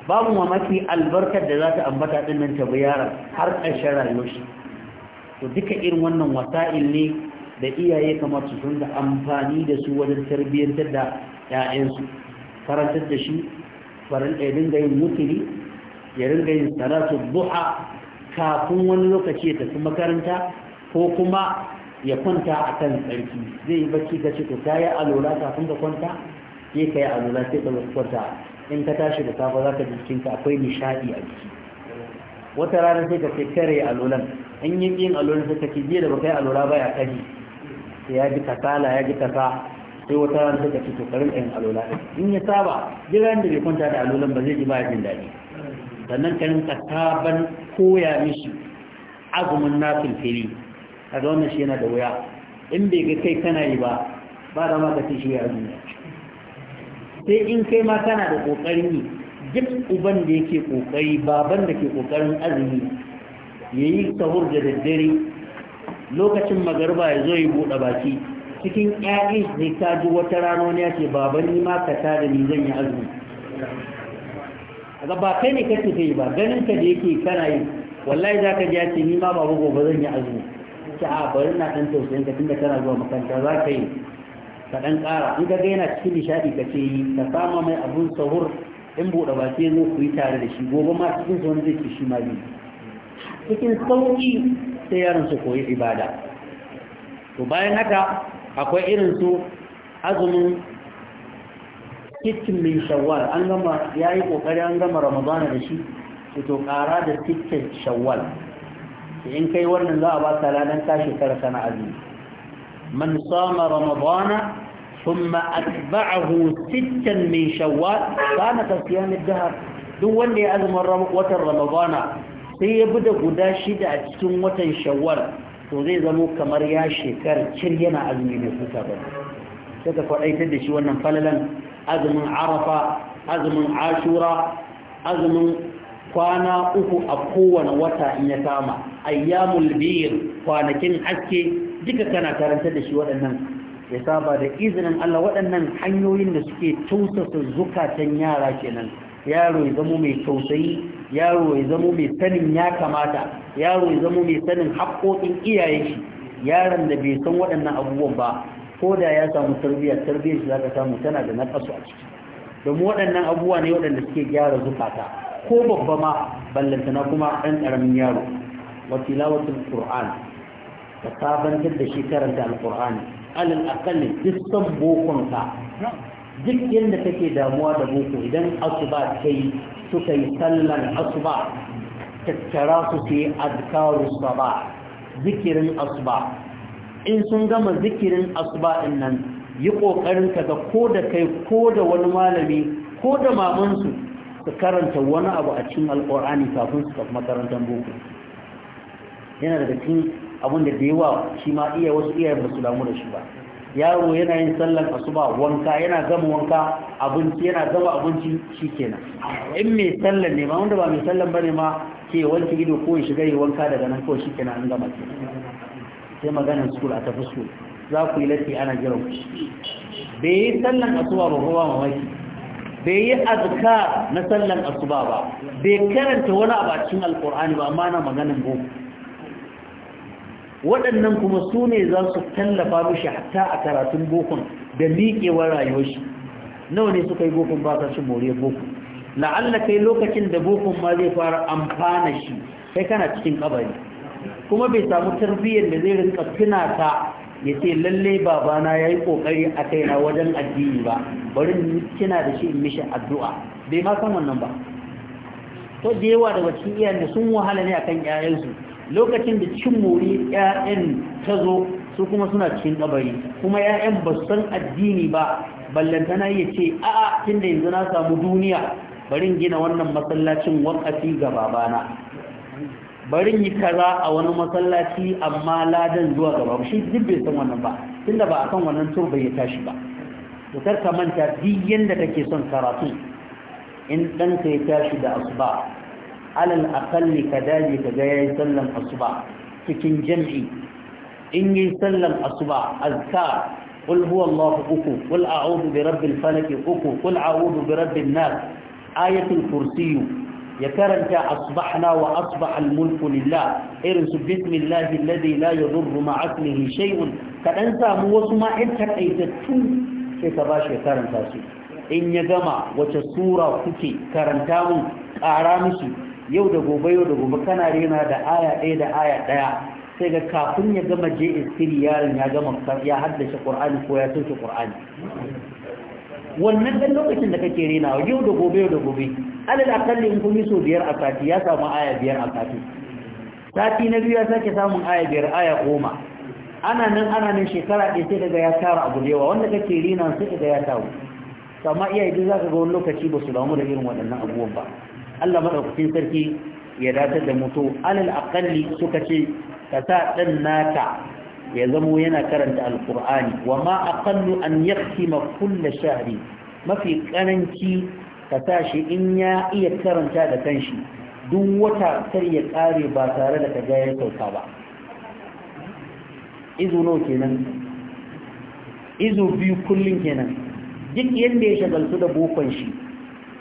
babu mamaki albarkar da za ta ambata ɗin nan ta yaran har ƙarshen rayuwar shi to duka irin wannan wasa'il ne da iyaye kamar su sun da amfani da su wajen tarbiyyantar da 'ya'yansu karantar da shi farin ɗaya dinga yin mutuli ya dinga yin salatu duha kafin wani lokaci ya tafi makaranta ko kuma ya kwanta a kan tsarki zai yi bacci ka ce ta yi alola kafin ka kwanta sai ka yi alola sai ka kwanta in ka tashi da safe za ka ji jikinka akwai nishaɗi a jiki wata rana sai ka sai kare alolan An yi yin alolan sai ka ce jiya da baka alola baya ya kaji sai ya ji kasala ya ji kasa sai wata rana sai ka ce to karin ɗayan alola in ya saba jiran da bai kwanta da alolan ba zai ji ba jin daɗi sannan ka rinka sabon koya mishi azumin nafil fili kaga wannan shi yana da wuya in bai ga kai kana yi ba ba da ma ka ci shi ya duniya sai in kai ma kana da kokarin yi duk uban da yake kokari baban da ke kokarin azumi yayi sahur da daddare lokacin magarba ya zo ya buɗe baki cikin ƴaƴan ne ta ji wata rana wani ya ce baban ni ma ka ta da ni zan yi azumi ba kai ne kake kai ba ganin ka da yake kana yi wallahi za ka ji ya ce ni ma babu gobe zan yi azumi ce a bari na ɗan tausayin ka tunda tana zuwa makanta za ka yi ka ɗan ƙara in ka ga yana cikin nishaɗi ka ce ka samu mai abun sahur in buɗe ba sai zo ku yi tare da shi gobe ma cikin su wani zai ci shi ma bi cikin sauƙi sai yaron su koyi ibada to bayan haka akwai irin su azumin kitchen min shawwal an gama yayi kokari an gama ramadana da shi to kara da kitchen shawwal in kai wannan za a ba ta ladan ta shekara sana azumi man sama ramadana thumma atba'ahu sittan min shawwal kana ka ad-dahr duk wanda ya azumin watan ramadana sai ya bude da guda shida a cikin watan shawwal to zai zamo kamar ya shekar cin yana azumi ne ta ba sai ka faɗaitar da shi wannan falalan azumin arafa azumin ashura azumin kwana uku a kowane wata in ya kama ayyamul bir kwanakin haske duka kana karanta da shi waɗannan ya saba da izinin Allah waɗannan hanyoyin da suke tausasa zukatan yara kenan yaro ya zamo mai tausayi yaro ya zamo mai sanin ya kamata yaro ya zamo mai sanin haƙoƙin iyaye shi yaron da bai san waɗannan abubuwan ba ko da ya samu tarbiyya tarbiyyar shi zaka samu tana da naƙasu a ciki domin waɗannan abubuwa ne waɗanda suke gyara zukata ko babba ma ballantana kuma ɗan ƙaramin yaro wa tilawatul qur'an da sabantar da shi karanta alqur'ani alal aqalli duk san bokon ka duk yadda kake damuwa da boko idan asuba kai suka yi sallan asuba tattara su sai azkaru saba zikirin asuba in sun gama zikirin asuba din nan yi ƙoƙarin ka ga ko da kai ko da wani malami ko da mamansu su karanta wani abu a cikin alkur'ani kafin su tafi makarantar boko yana daga cikin abin da da yawa shi ma iya wasu iya ba su damu da shi ba yaro yana yin sallan asuba wanka yana gama wanka abinci yana gama abinci shikenan in mai sallan ne ma wanda ba mai sallan ba ne ma ke wanke ido ko ya shiga yi wanka daga nan kawai shikenan an gama ke sai maganin school a tafi school za ku yi lati ana jiran ku bai yi sallan asuba ba kowa mamaki bai yi azka na sallan asuba ba bai karanta wani abu a cikin alkur'ani ba amma na maganin boko waɗannan kuma su ne za su tallafa mishi hatta a karatun bokon da miƙewar rayuwar shi nawa ne suka yi bokon ba shi more boko la'alla kai lokacin da bukun ma zai fara amfana shi kai kana cikin kabari kuma bai samu tarbiyyar da zai rinka tuna ta ya ce lalle babana ya yi ƙoƙari a kaina wajen addini ba bari kina da shi in mishi addu'a bai ma san wannan ba to da yawa daga cikin iyayen da sun wahala ne akan ƴaƴansu lokacin da cin muri ƴaƴan ta zo su kuma suna cikin kabari kuma ƴaƴan ba su san addini ba ballantana ya ce a'a tunda yanzu na samu duniya bari gina wannan masallacin wakafi ga babana barin yi kaza a wani masallaci amma ladan zuwa gaba shi duk bai san wannan ba tunda ba akan wannan turba ya tashi ba to kar ka manta duk yanda kake son karatu in dan ka ya tashi da asuba alal aqalli ka daje ka ga yayin sallan asuba cikin jam'i in yi sallan asuba azka qul huwallahu uku qul a'udhu birabbil falaq uku qul a'udhu nas ayatul kursiyyu ya karanta asbahna wa asbaha al-mulku lillah irin su bismillahi alladhi la yadurru ma'a ismihi shay'un samu wasu ma in takaitattu sai ka bashi ya karanta su in ya gama wace sura kuke karanta mun ƙara musu yau da gobe yau da gobe kana rena da aya ɗaya da aya ɗaya sai ga kafin ya gama je istiri yaron ya gama ya haddace qur'ani ko ya sauke qur'ani wannan ɗan lokacin da kake renawa yau da gobe yau da gobe alal akalli in kun yi so biyar a sati ya samu aya biyar a sati sati na biyu ya sake samun aya biyar aya goma ana nan ana nan shekara ɗaya sai daga ya tara abu da yawa wanda kake rina sai daga ya tawo amma iyaye duk zaka ga wani lokaci ba su damu da irin waɗannan abubuwan ba Allah madaukakin sarki ya datar da mutu alal aqalli suka ce ka sa dan naka ya zamo yana karanta alkur'ani wa ma kallu an yaki makulla shahri mafi karanci ka tashi in ya iya karanta da kanshi duk wata kar ya kare ba tare da kaga ya sauka ba izu no kenan izu biyu kullum kenan duk yanda ya shagaltu da bokonshi shi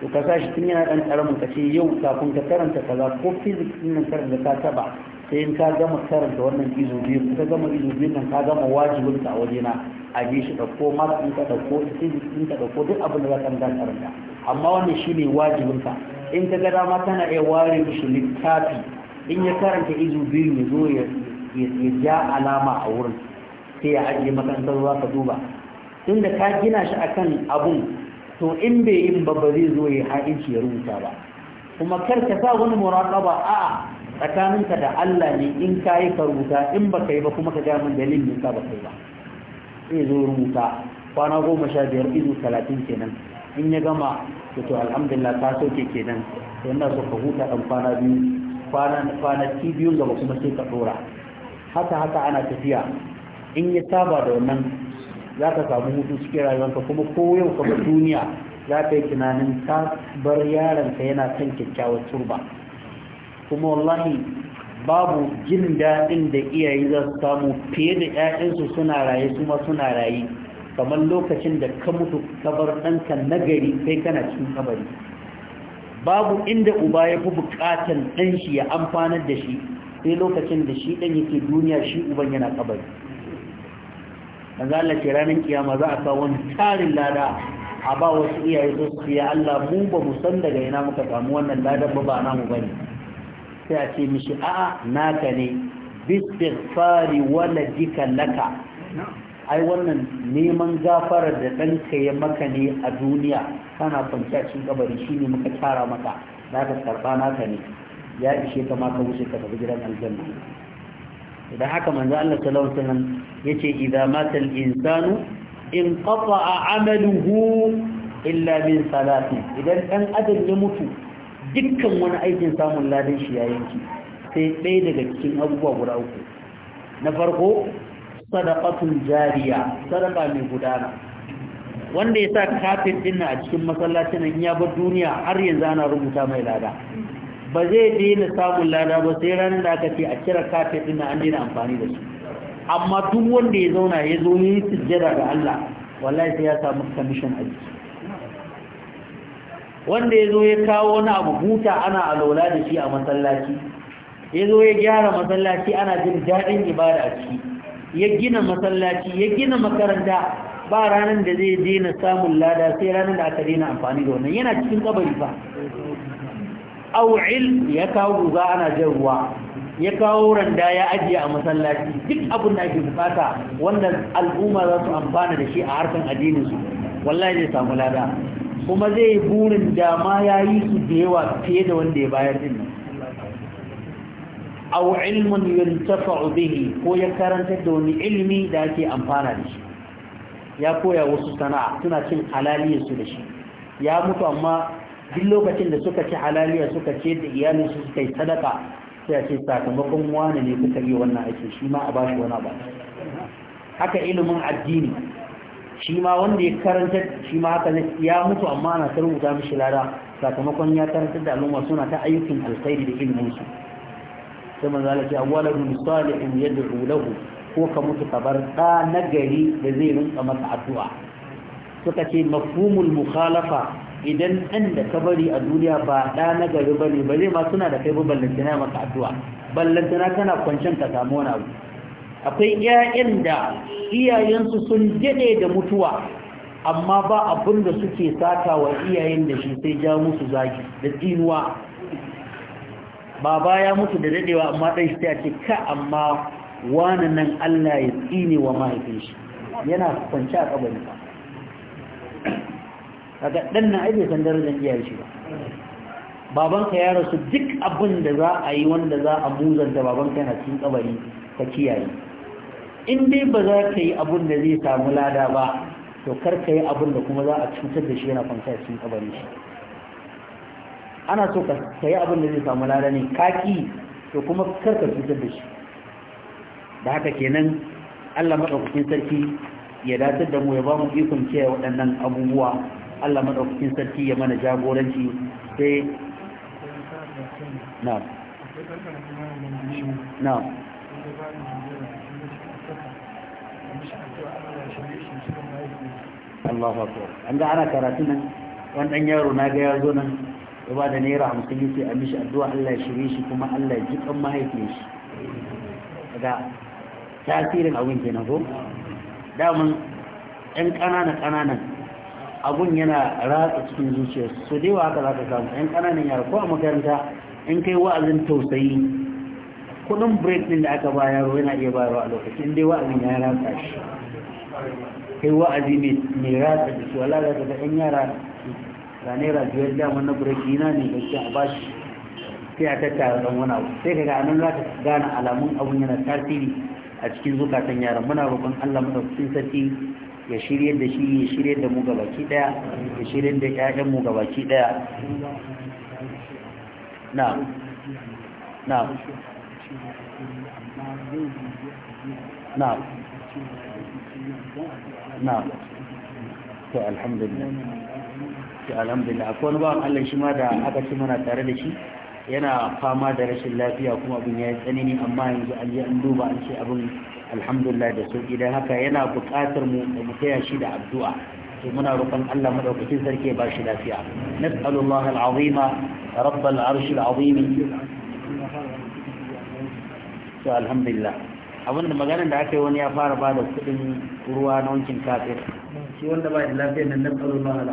to ka tashi tun yana dan karamin ka ce yau kafin ka karanta kaza ko physics din nan karanta ka taba sai in ka gama karanta wannan izo biyu ka gama izo biyu nan ka gama wajibin ka a wajena a je shi dauko mas in ka dauko physics in ka dauko duk abin da za ka karanta amma wannan shine wajibin ka in ka ga dama kana iya ware shi littafi in ya karanta izo biyu ya zo ya ja alama a wurin sai ya ajiye makarantar ruwa ka duba tunda ka gina shi akan abun to in bai yin ba ba zai zo ya ha'inci ya rubuta ba kuma kar ka sa wani muraqaba a'a tsakaninka da Allah ne in ka yi ka rubuta in ba ka yi ba kuma ka ja min dalilin ne ka ba kai ba sai zo rubuta kwana goma sha biyar izu talatin kenan in ya gama to to alhamdulillah ka soke kenan sai ina so ka huta ɗan kwana biyu kwana kwanaki biyun gaba kuma sai ka ɗora haka haka ana tafiya in ya saba da wannan za ka samu hutu cikin rayuwarka kuma ko yau kuma duniya za ka yi tunanin ka bar yaronka yana kan kyakkyawar turba kuma wallahi babu jin daɗin da iyaye za su samu fiye da 'ya'yansu suna raye kuma suna raye kamar lokacin da ka mutu kabar ɗanka nagari kai kana cikin kabari babu inda uba ya fi buƙatar ɗan shi ya amfanar da shi sai lokacin da shi ɗan yake duniya shi uban yana kabari manzo Allah ce ranar kiyama za a kawo wani tarin lada a ba wasu iyaye su ya Allah mu ba mu san daga ina muka samu wannan ladan ba ba namu ba ne. sai a ce mishi a'a naka ne wala waladika laka ai wannan neman gafarar da ɗanka ya maka ne a duniya kana kwanciya cikin kabari ne muka tara maka naka karba naka ne ya ishe ka ma wuce ka tafi gidan aljanna idan haka manzo Allah sallallahu alaihi wasallam yace idza matal insanu in qata'a 'amaluhu illa min salatin idan dan adam ya mutu dukkan wani aikin samun ladan shi ya ki sai ɗaya daga cikin abubuwa guda uku na farko sadaqatul jariya sadaqa mai gudana wanda ya sa kafin ɗin a cikin masallacin in ya bar duniya har yanzu ana rubuta mai lada ba zai daina samun lada ba sai ranar da aka ce a kira kafin ɗin an daina amfani da shi. amma duk wanda ya zauna ya zo yi sujjada ga Allah wallahi sai ya samu commission a wanda ya zo ya kawo wani abu buta ana alola da shi a masallaci ya zo ya gyara masallaci ana jin daɗin ibada a ciki ya gina masallaci ya gina makaranta ba ranar da zai daina samun lada sai ranar da aka daina amfani da wannan yana cikin kabari fa il ya kawo guga ana jan ruwa ya kawo randa ya ajiye a masallaci duk abin da ake bukata wanda al'umma za su amfana da shi a harkan addinin su wallahi zai samu lada kuma zai yi burin dama ya yi su da yawa fiye da wanda ya bayar din nan aw ilmun yuntafa bihi ko ya karanta da wani ilmi da ake amfana da shi ya koya wasu sana'a suna cin halaliyar su da shi ya mutu amma duk lokacin da suka ci halaliya suka ce da iyalin su suka yi sadaka sai a ce sakamakon wani ne kuka yi wannan aiki shi ma a bashi wani ba haka ilimin addini shi ma wanda ya karanta shi ma haka ne ya mutu amma ana ta rubuta mishi lada sakamakon ya karanta da al'umma suna ta ayyukan sosai da ilimin su sai manzo Allah ya waladu salihun yad'u lahu ko ka mutu ka bar da nagari da zai rinka maka addu'a suka ce mafhumul mukhalafa idan an da ka bari a duniya ba da nagari bane ba zai ma suna da kai ba ballantana maka addu'a ballantana kana kwancen ka samu wani abu akwai ƴaƴan da iyayensu sun dade da mutuwa amma ba abin da suke sata wa iyayen da shi sai ja musu zaki da tsinuwa baba ya mutu da dadewa amma dan shi ta ce ka amma wani nan Allah ya tsine wa mahaifin shi yana kwanci a kabari ba kaga dan na aibe san darajar iyayen shi ba babanka ya rasu duk abin da za a yi wanda za a muzanta babanka yana cikin kabari ka kiyaye in dai ba za ka yi abun da zai samu lada ba to kar ka yi abun da kuma za a cutar da shi yana kwanta a cikin kabarin shi ana so ka yi abun da zai samu lada ne kaki to kuma kar ka cutar da shi da haka kenan Allah madaukakin sarki ya datar da mu ya ba mu ikon ce waɗannan abubuwa Allah madaukakin sarki ya mana jagoranci sai na na Allahu akbar an ga ana karatu nan wani dan yaro na ga ya zo nan ya ba da naira hamsin yake a mishi addu'a Allah ya shirye shi kuma Allah ya ji kan mahaifin shi daga tasirin abin kenan ko daman ɗan ƙananan ƙananan abun yana ratsa cikin zuciya su dai wa haka za ka samu ɗan ƙananan yara ko a makaranta in kai wa'azin tausayi kudin break din da aka bayar yana iya bayarwa a lokacin dai wa'azin ya ratsa shi kai wa'azi ne mai ratsa da su wala daga ɗan yara naira biyar damar na buraki na ne gaske a shi sai a tattara ɗan wani abu sai kaga anan za ka gane alamun abun yana tasiri a cikin zukatan yaran muna roƙon allah maɗaukakin sarki ya shirye da shi ya shirye da mu gabaki ɗaya ya shirye da ƴaƴan mu gabaki ɗaya na na na na'am to alhamdulillah alhamdulillah akwai wani bawan Allah shi ma da aka ci mana tare da shi yana fama da rashin lafiya kuma abin ya yi tsanani amma yanzu an je an duba an ce abin alhamdulillah da sauki don haka yana buƙatar mu da mu taya shi da addu'a to muna roƙon Allah madaukakin sarki ba shi lafiya nas'alullah al'azima rabbal arsh al'azim to alhamdulillah abin da maganar da aka yi wani ya fara ba da kuɗin ruwa na wankin kafir shi wanda ba da lafiya nan nasalu Allah al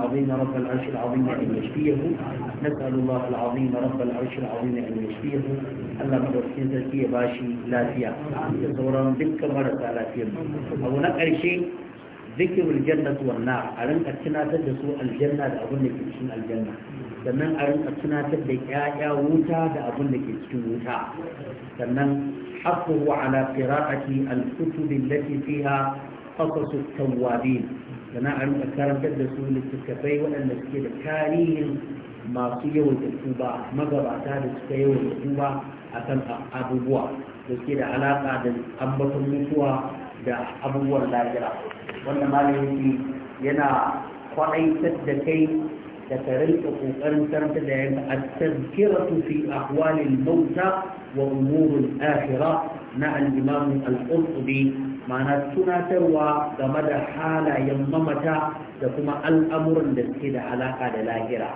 Allah sarki ya bashi lafiya da sauran dukkan marasa lafiyar abu na ƙarshe zikirul a rinka tunatar da su aljanna da abin da ke cikin aljanna sannan a rinka tunatar da ƴaƴa wuta da abin da ke cikin wuta sannan حقه على قراءة الكتب التي فيها qasasu tawwabin kana an karantar da su littattafai waɗanda suke da tarihin masu yawan tuba magabata da suka yawan tuba akan abubuwa da suke da alaƙa da ambaton mutuwa da abubuwan lahira wannan malamin yana kwaɗaitar da kai da tare da kokarin da yanka at-tazkiratu fi ahwalil mauta wa umurul ashira na al-imam al ma'ana tunatarwa game da halayen mamata da kuma al'amuran da suke da alaƙa da lahira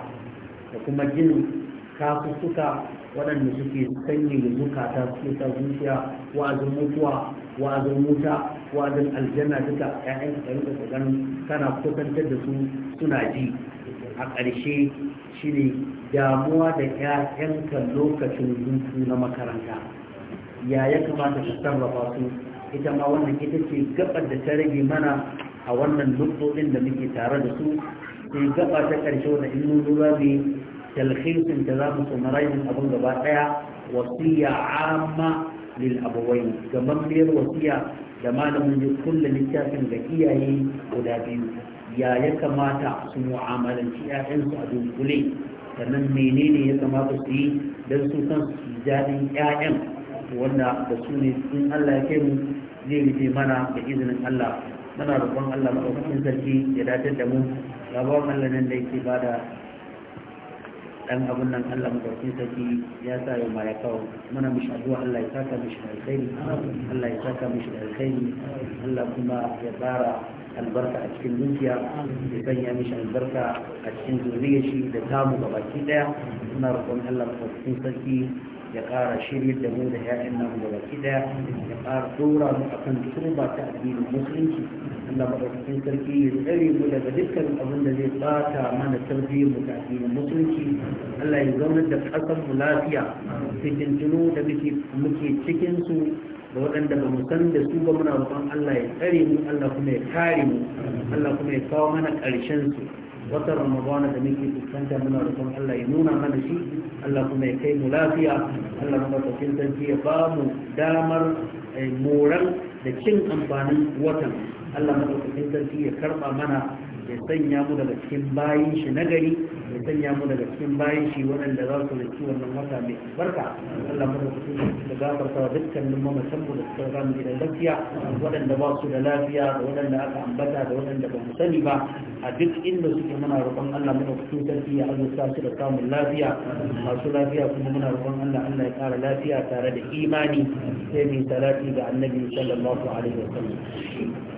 da kuma jin kafufuka waɗanda suke sanyi zukata suke ta zuciya wa'azin mutuwa wa'azin wuta wa'azin aljanna duka ƴaƴan ka rinka ganin kana kusantar da su suna ji a ƙarshe shine damuwa da ƴaƴanka lokacin hutu na makaranta ya ya kamata ka sarrafa su ita ma wannan ita ce gabar da ta rage mana a wannan nutsoɗin da muke tare da su sai gaba ta ƙarshe wanda in mun zuwa bi talhisin da za mu sumarajin abin gaba ɗaya wasiya amma lil ga gamammiyar wasiya da malamin ya kulle littafin ga iyaye guda biyu ya ya kamata su mu'amalanci 'ya'yansu a dunkule sannan menene ya kamata su yi don su kan su daɗin 'ya'yan wanda da su ne in Allah ya kai mu zai rufe mana da izinin Allah muna roƙon Allah maɗaukakin sarki ya dace da mu ya ba Allah nan da yake ba da ɗan abun nan Allah maɗaukakin sarki ya sa yau ma ya kawo muna mishi addu'a Allah ya saka mishi alkhairi Allah ya saka mishi alkhairi Allah kuma ya tsara albarka a cikin dukiya ya sanya mishi albarka a cikin zuriyar shi da tamu gabaki ɗaya. muna roƙon Allah maɗaukakin sarki ya ƙara shirya da mu da ya'yan nan da baki ɗaya ya ƙara ɗora mu akan turba ta addinin musulunci Allah maɗaukakin sarki ya tsare mu daga dukkan abin da zai ɓata mana tarbiyyar mu ta addinin musulunci Allah ya zaunar da ƙasar mu lafiya fitintunu da muke cikin su da waɗanda ba mu san da su ba muna roƙon Allah ya tsare mu Allah kuma ya kare mu Allah kuma ya kawo mana ƙarshen su watan ramadana da muke fuskanta muna roƙon Allah ya nuna mana shi Allah kuma ya kai mu lafiya Allah kuma tafin sarki ya ba mu damar eh, moran da cin amfanin watan Allah madaukakin sarki ya karba mana ya sanya mu daga cikin bayin shi nagari ya sanya mu daga cikin bayin shi waɗanda za su riki wannan wata mai albarka Allah mu da kuɗi da gafarta wa dukkanin mamatan mu da suka riga mu gidan lafiya waɗanda ba su da lafiya da waɗanda aka ambata da waɗanda ba mu sani ba a duk inda suke muna roƙon Allah mu da kuɗi sarki ya sa su da samun lafiya masu lafiya kuma muna roƙon Allah Allah ya ƙara lafiya tare da imani sai mai salati ga annabi sallallahu alaihi wa sallam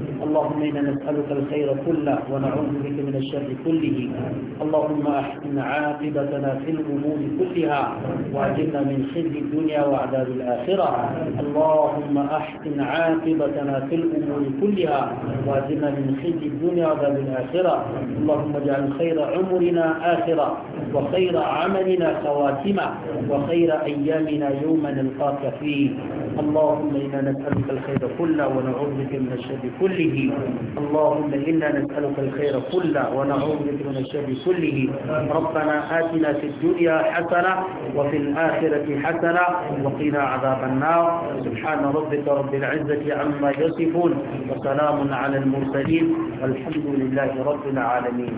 اللهم إنا نسألك الخير كله ونعوذ بك من الشر كله اللهم أحسن عاقبتنا في الأمور كلها وأجرنا من خزي الدنيا وعذاب الآخرة اللهم أحسن عاقبتنا في الأمور كلها وأجرنا من خزي الدنيا وعذاب الآخرة اللهم اجعل خير عمرنا آخرة وخير عملنا خواتمة وخير أيامنا يوم نلقاك فيه اللهم إنا نسألك الخير كله ونعوذ بك من الشر كله كله اللهم إنا نسألك الخير كله ونعوذ بك من الشر كله ربنا آتنا في الدنيا حسنة وفي الآخرة حسنة وقنا عذاب النار سبحان ربك رب العزة عما يصفون وسلام على المرسلين والحمد لله رب العالمين